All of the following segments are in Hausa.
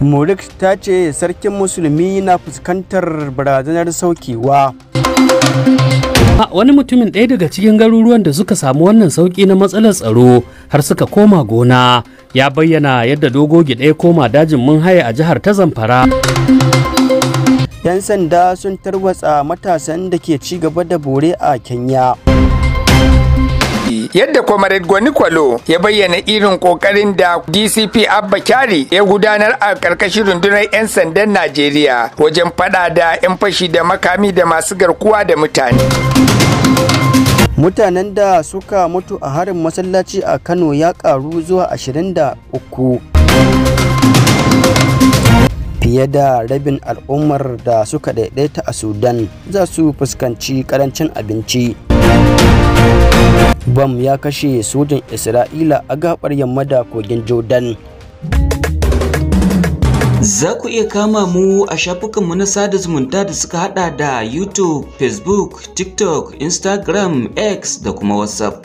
murik ta ce sarkin musulmi na fuskantar barazanar saukewa. wani mutumin ɗaya daga cikin garuruwan da suka samu wannan sauƙi na matsalar tsaro har suka koma gona ya bayyana yadda dogogi ɗaya koma dajin mun haya a jihar ta zamfara. 'Yan sanda sun tarwatsa matasan da ke ci gaba da bore a Kenya. yadda comrade gwani kwalo ya bayyana irin kokarin da dcp abba kyari ya gudanar a karkashin rundunar 'yan sandan najeriya wajen fada da 'yan fashi da makami da masu garkuwa da mutane mutanen da suka mutu a harin masallaci a kano ya karu zuwa 23 fiye da rabin al'ummar da suka daidaita a sudan za su fuskanci karancin abinci bam ya kashe sojan isra'ila a gabar yamma da kogin jordan za ku iya kama mu a shafukanmu na sada zumunta da suka hada da youtube facebook tiktok instagram x da kuma whatsapp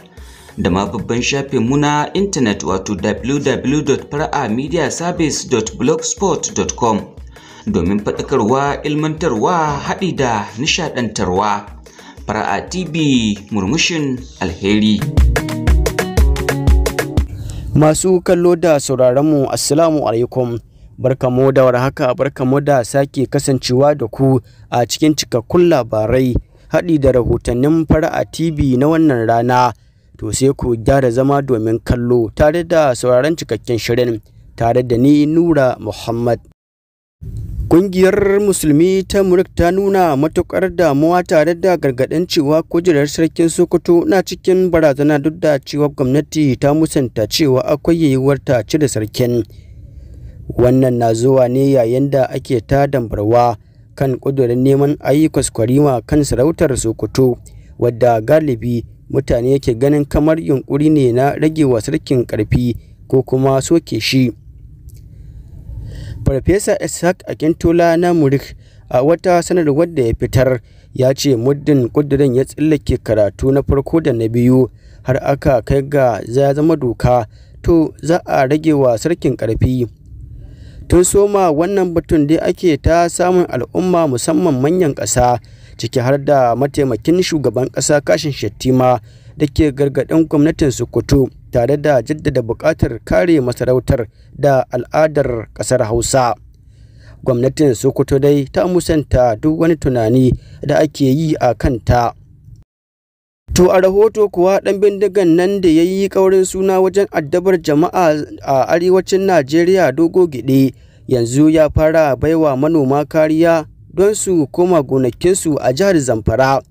da ma babban shafin mu na intanet wato www.faramediaservice.blogspot.com domin faɗakarwa ilmantarwa haɗi da nishaɗantarwa fara'a tv murmushin alheri masu kallo da sauraronmu assalamu alaikum barkamu da warhaka barkamu da sake kasancewa da ku a cikin cikakkun labarai haɗi da rahotannin fara'a tv na wannan rana to sai ku gyara zama domin kallo tare da sauraron cikakken shirin tare da ni nura muhammad Ƙungiyar Musulmi ta Murik ta nuna matuƙar damuwa tare da gargaɗin cewa kujerar sarkin Sokoto na cikin barazana duk da cewa gwamnati ta musanta cewa akwai yiwuwar ta cire sarkin. Wannan na zuwa ne yayin da ake ta dambarwa kan ƙudurin neman ayyukas kwarima kan sarautar Sokoto, wadda galibi mutane ke ganin kamar yunƙuri ne na rage wa sarkin ƙarfi ko kuma soke shi. Farfesa Ishaq Akintola na Murik a wata sanarwar da ya fitar ya ce muddin ƙudurin ya tsallake karatu na farko da na biyu har aka kai ga ya zama doka to za a rage wa sarkin ƙarfi. Tun soma wannan batun dai ake ta samun al'umma musamman manyan ƙasa ciki har da mataimakin shugaban ƙasa kashin shattima, da ke gargaɗin gwamnatin Sokoto tare da jaddada buƙatar kare masarautar da al'adar ƙasar Hausa. Gwamnatin Sokoto dai ta musanta duk wani tunani da ake yi a kanta. To a rahoto kuwa ɗan bindigan nan da ya yi ƙaurin suna wajen addabar jama'a a arewacin Najeriya dogo gide yanzu ya fara baiwa manoma kariya don su koma gonakinsu a jihar Zamfara.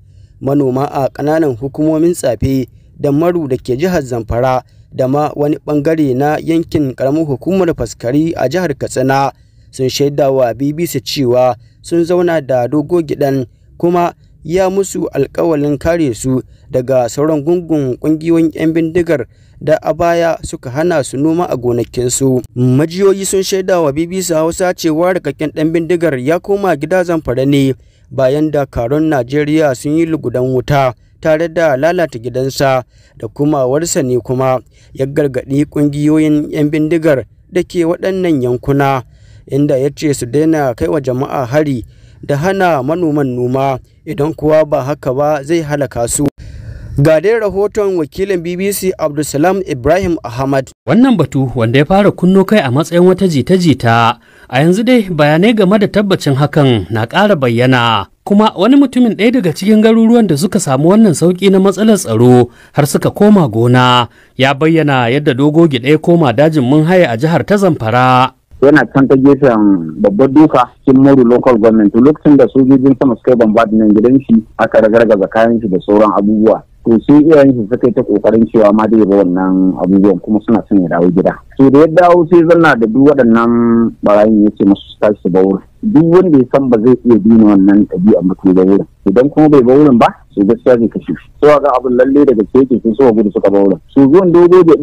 Manoma a ƙananan hukumomin tsafe da maru da ke jihar zamfara da ma wani bangare na yankin karamin hukumar faskari a jihar katsina sun shaidawa bbc cewa sun zauna da dogo gidan kuma ya musu alkawalin kare su daga sauran gungun kungiyoyin 'yan bindigar da a baya suka hana su noma a gonakinsu. Majiyoyi sun shaida wa BBC Hausa cewa rikakken ɗan bindigar ya koma gida zamfara ne bayan dakarun Najeriya sun yi lugudan wuta tare da lalata gidansa da kuma warsa ne kuma ya gargaɗi ƙungiyoyin 'yan bindigar da ke waɗannan yankuna inda ya ce su daina kai wa jama'a hari da hana manoman noma idan kuwa ba haka ba zai halaka su Ga rahoton wakilin BBC Abdulsalam Ibrahim Ahmad. Wannan batu wanda ya fara kunno kai a matsayin wata jita-jita a yanzu dai bayanai game da tabbacin hakan na ƙara bayyana. Kuma wani mutumin ɗaya daga cikin garuruwan da suka samu wannan sauƙi na matsalar tsaro har suka koma gona ya bayyana yadda dogogi ɗaya koma dajin mun haya a jihar ta Zamfara. yana can ta gefen babbar duka cikin moru local government lokacin da sojojin sama suka yi nan gidan shi aka ragargaza kayan shi da sauran abubuwa to sai iyayen su suka yi ta kokarin cewa ma dai ba wannan abubuwan kuma suna son ya dawo gida to da ya dawo sai zanna da duk waɗannan barayin ya ce masu su tashi su ba duk wanda ya san ba zai iya dina wannan ɗabi'a mutum da wurin idan kuma bai bawurin ba su gaskiya zai kashe shi so ga abin lalle daga keke sun so gudu suka ba wurin su zuwan dogo da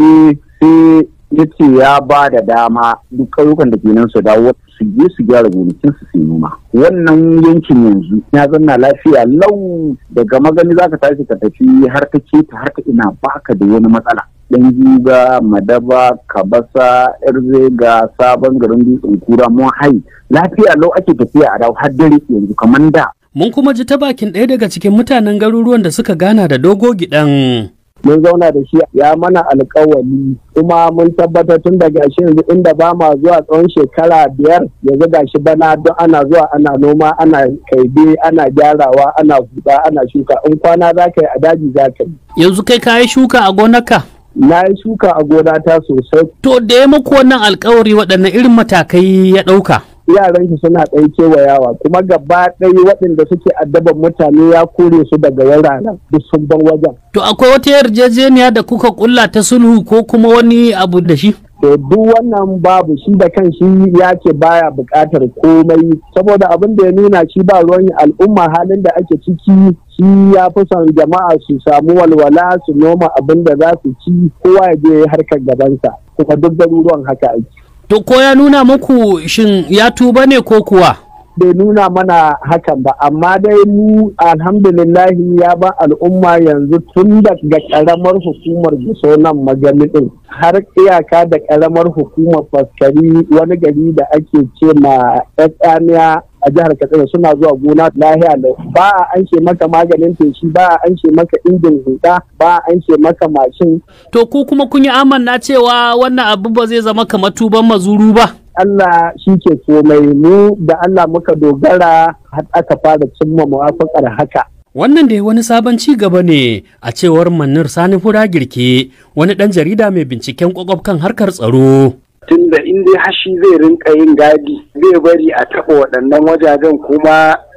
sai ya ce ya ba da dama duk ƙauyukan da ke nan su dawo su je su gyara gonakin su sai noma wannan yankin yanzu ya zanna lafiya lau daga magani zaka tashi ka tafi har ta keta har ta ina baka da wani matsala dan juga madaba kabasa irze ga sabon garin dutsen kura mun hai lafiya lau ake tafiya a dawo har dare yanzu kamar da mun kuma ji ta bakin ɗaya daga cikin mutanen garuruwan da suka gana da dogo gidan mun zauna da shi ya mana alkawali kuma mun tabbatar tun daga shi yanzu inda ba ma zuwa tsawon shekara biyar yanzu ga shi bana don ana zuwa ana noma ana kaibe ana gyarawa ana buɗa ana shuka in kwana za ka yi a daji za ka yi yanzu kai ka yi shuka a gonaka. na yi shuka a gonata sosai to da ya muku wannan alkawari waɗanne irin matakai ya ɗauka yaran shi suna ɗan kewayawa kuma gaba ɗaya waɗanda suke addaban mutane ya kore su daga wuraren duk sun ban wajen. To akwai wata yarjejeniya da kuka kulla ta sulhu ko kuma wani abu da shi? to duk wannan babu shi da kan shi ya ce baya buƙatar komai saboda abin da ya nuna shi ba ruwan al'umma halin da ake ciki shi ya fi son jama'a su samu walwala su noma abin da za su ci kowa ya je harkar gabansa kuma duk garuruwan haka aiki. To ko ya nuna muku shin ya tuba ne ko kuwa? Bai nuna mana hakan ba, amma dai mu alhamdulillahi ya ba al'umma yanzu tun daga ƙaramar hukumar biso nan ɗin. har iyaka da ƙaramar hukumar faskari wani gari da ake ce ma tsamiya a jihar katsina suna zuwa gona lahiya lau ba a an ce maka maganin feshi ba a an ce maka injin huta ba a an ce maka mashin. to ku kuma kun yi amanna cewa wannan abu ba zai zama kamar tuban mazuru ba. Allah shi ke komai mu da Allah muka dogara har aka fara cimma muwafaqar haka. Wannan dai wani sabon ci gaba ne a cewar Manir Sani Fura Girke, wani ɗan jarida mai binciken ƙwaƙwaf kan harkar tsaro. tunda in dai hashi zai rinka yin gadi zai bari a taɓa waɗannan wajajen kuma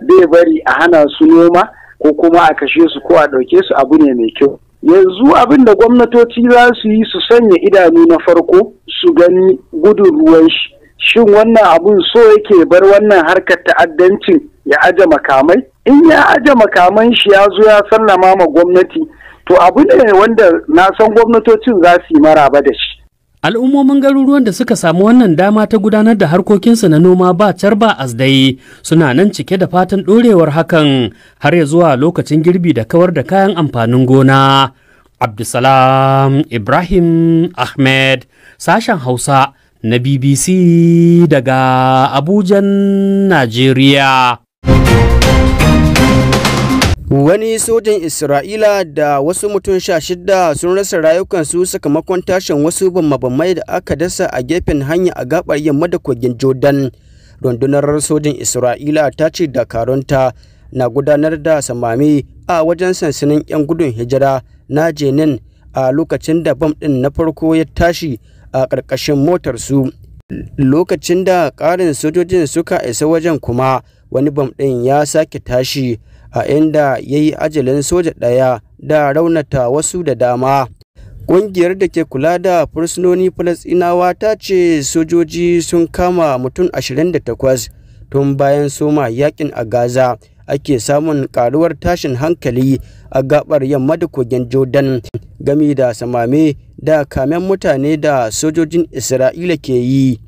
zai bari a hana su noma ko kuma a kashe su ko a ɗauke su abu ne mai kyau yanzu abin da gwamnatoci za su yi su sanya idanu na farko su gani gudun ruwan shi shin wannan abun so yake bar wannan harkar ta'addancin ya aje makamai in ya aje makaman shi ya zo ya sallama ma gwamnati to abu ne wanda na san gwamnatocin za su yi maraba da shi al'ummomin garuruwan da suka samu wannan dama ta gudanar da harkokinsu na noma ba car ba asdai suna nan cike da fatan ɗorewar hakan har ya zuwa lokacin girbi da kawar da kayan amfanin gona abdulsalam ibrahim ahmed sashen hausa na bbc daga abujan najeriya Wani sojan Isra'ila da wasu mutum sha shida sun rasa rayukansu sakamakon tashin wasu bambamai da aka dasa a gefen hanya a gabar yamma da kogin Jordan. Rundunar sojin Isra'ila ta ce dakarunta na gudanar da samami a wajen sansanin 'yan gudun hijira na Jenin a lokacin da bam ɗin na farko ya tashi a ƙarƙashin motarsu. Lokacin da ƙarin sojojin suka isa wajen kuma wani bam ɗin ya sake tashi. a inda ya yi ajalin soja ɗaya da raunata wasu da dama Ƙungiyar da ke kula da fursunoni Falasɗinawa ta ce sojoji sun kama mutum 28 tun bayan soma yakin a Gaza ake samun karuwar tashin hankali a gabar yamma da kogin Jordan gami da samame da kamen mutane da sojojin Isra'ila ke yi.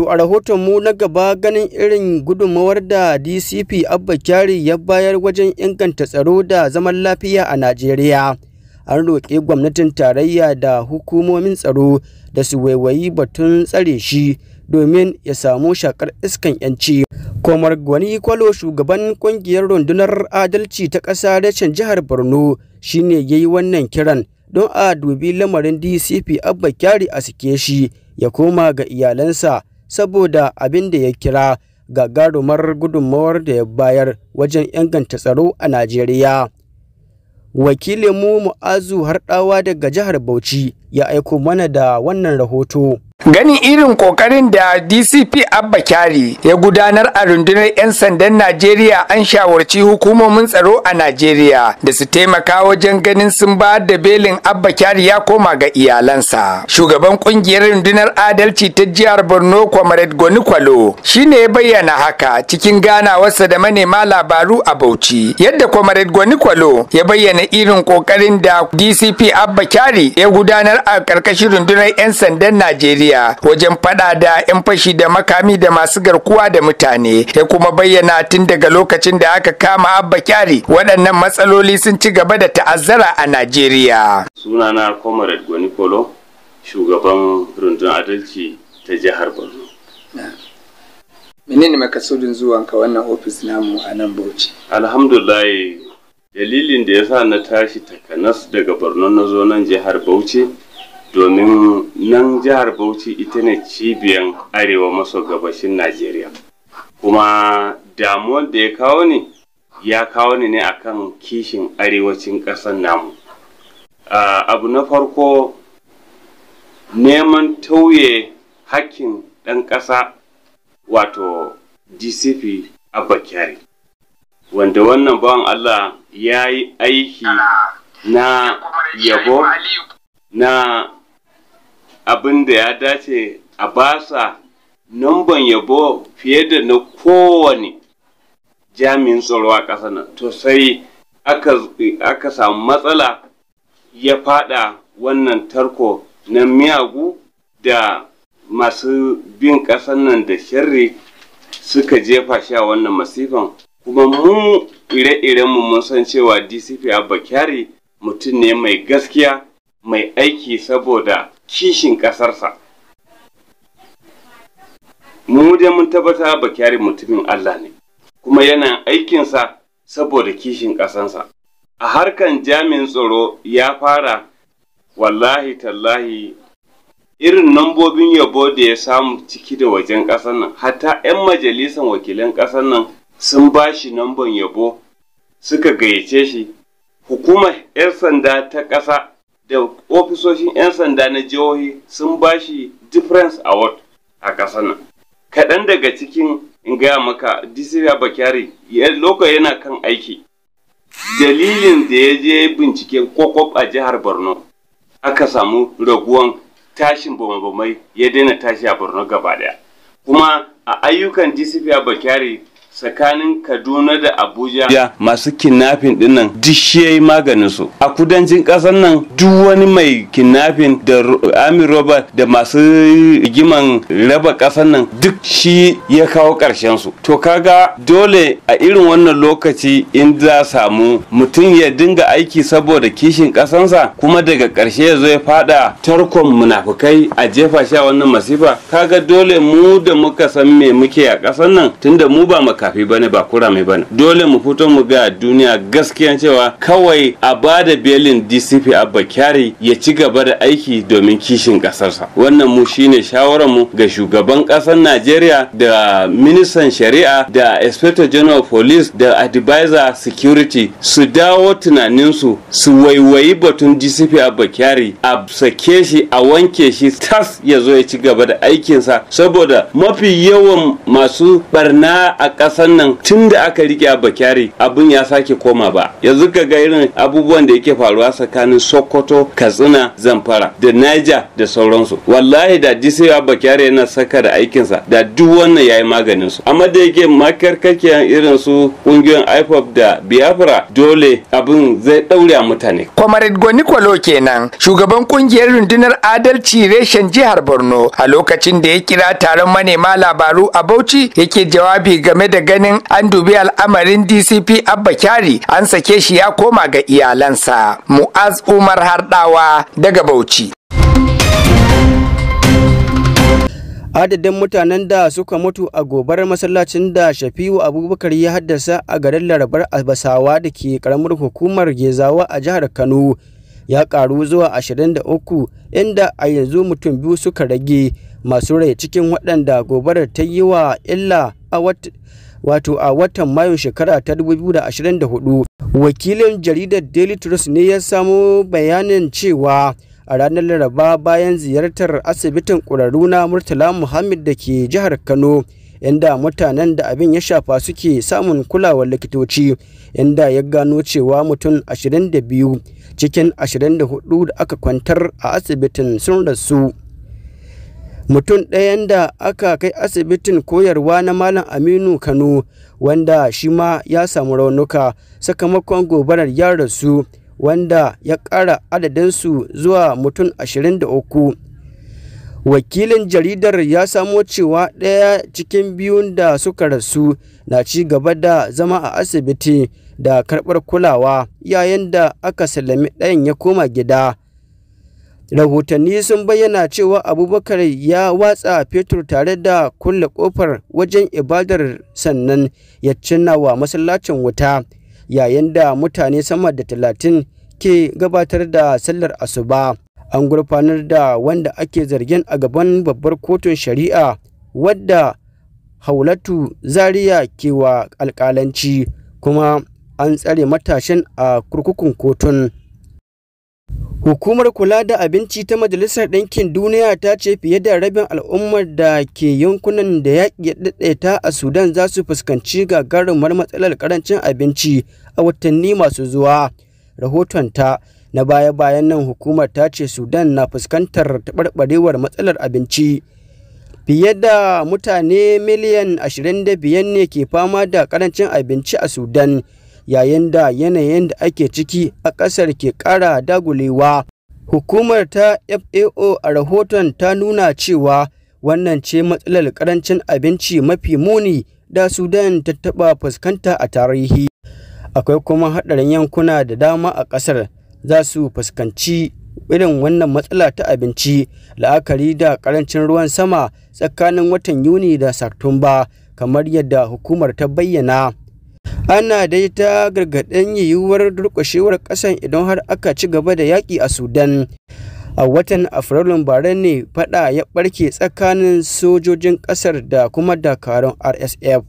To a rahoton mu na gaba ganin irin gudunmawar da DCP Abba Kyari ya bayar wajen inganta tsaro da zaman lafiya a Najeriya. An roƙe gwamnatin tarayya da hukumomin tsaro da su waiwayi batun tsare shi domin ya samu shakar iskan yanci. Komar Gwani Kwalo shugaban ƙungiyar rundunar adalci ta ƙasa rashin jihar Borno shi ne ya yi wannan kiran don a dubi lamarin DCP Abba Kyari a sike shi ya koma ga iyalansa saboda abin da ya kira gagarumar gudunmawar da ya bayar wajen inganta tsaro a Najeriya. Wakilinmu Mu'azu Harɗawa daga jihar Bauchi ya aiko mana da wannan rahoto. Ganin irin kokarin da DCP Abba Kyari ya gudanar a rundunar 'yan sandan Najeriya an shawarci hukumomin tsaro a Najeriya da su taimaka wajen ganin sun ba da belin Abba Kyari ya koma ga iyalansa. Shugaban kungiyar rundunar adalci ta jihar Borno Comrade Goni Kwalo shine ya bayyana haka cikin ganawarsa da manema labaru a Bauchi. Yadda Comrade Goni ya bayyana irin kokarin da DCP Abba Kyari ya gudanar a ƙarƙashin rundunar 'yan sandan Najeriya najeriya wajen fada da 'yan fashi da makami da masu garkuwa da mutane ya kuma bayyana tun daga lokacin da aka kama abba kyari waɗannan matsaloli sun ci gaba da ta'azzara a najeriya sunana comrade gwani polo shugaban rundunar adalci ta jihar borno menene makasudin zuwanka wannan ofis namu a nan bauchi alhamdulillah dalilin da ya sa na tashi takanas daga borno na zo nan jihar bauchi domin nan jihar bauchi ita ne cibiyan arewa maso gabashin najeriya kuma damuwar da ya kawo ne ya kawo ne ne akan kishin arewacin ƙasar namu abu na farko neman tauye hakkin ɗan ƙasa wato dcp a kyari wanda wannan bawan allah ya yi aiki na yabo na abin da ya dace a basa namban yabo fiye da na kowane jami'in tsaro a ƙasa nan to sai aka samu matsala ya fada wannan tarko na miyagu da masu bin ƙasan nan da shirri suka jefa shi a wannan masifan kuma mu ire-irenmu mun san cewa dcp abba kyari mutum ne mai gaskiya mai aiki saboda kishin ƙasarsa mu dai mun tabbata bakyari mutumin Allah ne kuma yana aikinsa saboda kishin ƙasansa a harkan jami'in tsaro ya fara wallahi tallahi irin nambobin yabo da ya samu ciki da wajen ƙasar nan hatta 'yan majalisan wakilan ƙasar nan sun ba shi nambon yabo suka gayyace shi hukumar 'yan sanda ta ƙasa da ofisoshin 'yan sanda na jihohi sun ba shi difference award a ƙasar nan kaɗan daga cikin in gaya maka disiriya bakari yana kan aiki dalilin da ya je bincike kwakwab a jihar borno aka samu raguwan tashin bamabamai ya daina tashi a borno gaba daya kuma a ayyukan disiriya bakari tsakanin kaduna da abuja yeah, masu kidnapping din nan duk maganin su a kudancin kasar nan duk wani mai kidnapping da amir da masu giman raba kasar nan duk shi ya kawo karshen su to kaga dole a irin wannan lokaci in za samu mutum ya dinga aiki saboda kishin kasansa kuma daga karshe ya zo ya fada tarkon munafukai a jefa sha wannan masifa kaga dole mu da muka san me muke a kasar nan tunda mu ba maka makafi bane ba kurame bane dole mu fito mu ga duniya gaskiyan cewa kawai a bada belin DCP Abba Kyari ya ci gaba da aiki domin kishin kasarsa wannan mu shine shawarar mu ga shugaban kasar Najeriya da ministan shari'a da inspector general police da advisor security su dawo tunaninsu su waiwayi batun DCP Abba Kyari a sake shi a wanke shi tas ya zo ya ci gaba da aikinsa saboda mafi yawan masu barna a wasan nan tun da aka rike abba kyari abin ya sake koma ba yanzu ka ga irin abubuwan da yake faruwa tsakanin sokoto katsina zamfara da niger da sauransu wallahi da disewa abba yana saka da aikinsa da duk wannan yayi maganin su amma da yake makarkakiyan irin su kungiyoyin ipop da biafra dole abin zai daure a mutane comrade goni kenan shugaban kungiyar rundunar adalci reshen jihar borno a lokacin da ya kira taron manema labaru a bauchi yake jawabi game da da ganin an dubi al'amarin dcp abba kyari an sake shi ya koma ga iyalansa mu'az umar hardawa daga bauchi adadin mutanen da suka mutu a gobar masallacin da shafi'u abubakar ya haddasa a garin larabar albasawa da ke karamar hukumar gezawa a jihar kano ya karu zuwa 23 inda a yanzu mutum biyu suka rage masu rai cikin waɗanda gobarar ta yi wa illa a wata wato a watan mayun shekara ta 2024 wakilin jaridar daily trust ne ya samo bayanin cewa a ranar laraba bayan ziyartar asibitin ƙwararru na murtala muhammad da ke jihar kano inda mutanen da abin ya shafa suke samun kulawar likitoci inda ya gano cewa mutum 22 cikin 24 da aka kwantar a asibitin sun rasu mutum ɗayan da aka kai asibitin koyarwa na malam aminu kano wanda shi ma ya samu raunuka sakamakon gobarar ya rasu wanda ya ƙara adadinsu zuwa mutum 23 wakilin jaridar ya samo cewa ɗaya cikin biyun da suka rasu na ci gaba da zama a asibiti da karɓar kulawa yayin da aka sallami ɗayan ya koma gida rahotanni sun bayyana cewa abubakar ya watsa fetur tare da kulle kofar wajen ibadar sannan ya cinna wa masallacin wuta yayin da mutane sama da talatin ke gabatar da sallar asuba an gurfanar da wanda ake zargin a gaban babbar kotun shari'a wadda haulatu zaria ke wa alkalanci kuma an tsare matashin a kurkukun kotun. Hukumar kula da abinci ta Majalisar Ɗinkin Duniya ta ce fiye da rabin al'ummar da ke yankunan da yaƙi ya ɗaiɗaita a Sudan za su fuskanci gagarumar matsalar ƙarancin abinci a watanni masu zuwa. Rahoton ta na baya-bayan nan hukumar ta ce Sudan na fuskantar taɓarɓarewar matsalar abinci. Fiye da mutane miliyan 25 ne ke fama da ƙarancin abinci a Sudan. yayin da yanayin da ake ciki a ƙasar ke ƙara dagulewa. Hukumar ta FAO a rahoton ta nuna cewa wannan ce matsalar ƙarancin abinci mafi muni da Sudan ta taɓa fuskanta a tarihi. Akwai kuma haɗarin yankuna da dama a ƙasar za su fuskanci irin wannan matsala ta abinci la'akari da ƙarancin ruwan sama tsakanin watan yuni da satumba kamar yadda hukumar ta bayyana ana dai ta gargaɗin yiwuwar durƙushewar ƙasan idan har aka ci gaba da yaƙi a sudan a watan afrilun bara ne faɗa ya ɓarke tsakanin sojojin ƙasar da kuma dakarun rsf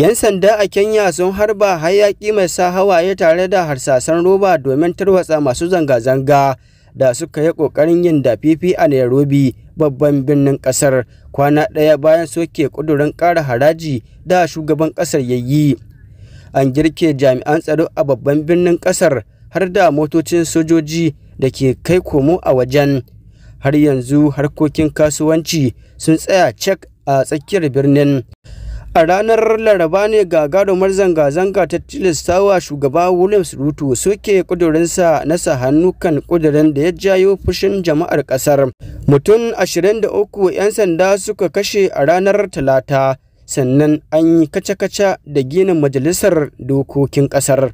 yan sanda a kenya sun harba hayaƙi mai sa hawaye tare da harsasan roba domin tarwatsa masu zanga-zanga da suka yi ƙoƙarin yin dafifi a nairobi babban birnin kasar kwana ɗaya bayan soke ƙudurin ƙara haraji da shugaban kasar ya yi an girke jami'an tsaro a babban birnin kasar har da motocin sojoji da ke kai komo a wajen har yanzu harkokin kasuwanci sun tsaya cek a tsakiyar birnin A ranar Laraba ne gagarumar zanga-zanga ta tilastawa shugaba Williams Ruto soke kudurinsa nasa sa hannu kan kudurin da ya jayo fushin jama'ar kasar. Mutum 23 'yan sanda suka kashe a ranar Talata, sannan an yi kaca-kaca da ginin majalisar dokokin kasar.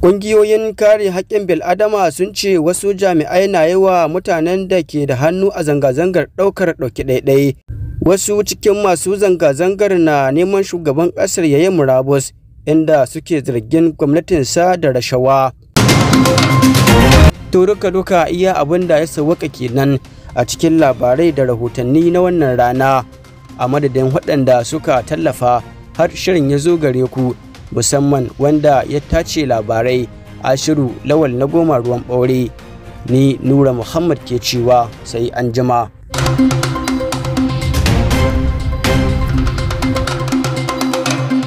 Ƙungiyoyin kare haƙƙin bil'adama sun ce wasu jami'ai na yawa mutanen da ke da hannu a zanga-zangar ɗaukar ɗauki ɗaiɗai. wasu cikin masu zanga-zangar na neman shugaban ƙasar ya murabus inda suke zargin gwamnatinsa da rashawa to duka duka iya abin da ya sauwaka kenan a cikin labarai da rahotanni na wannan rana a madadin waɗanda suka tallafa har shirin ya zo gare ku musamman wanda ya tace labarai a shiru lawal na goma ruwan ɓaure ni nura muhammad ke cewa sai an jima.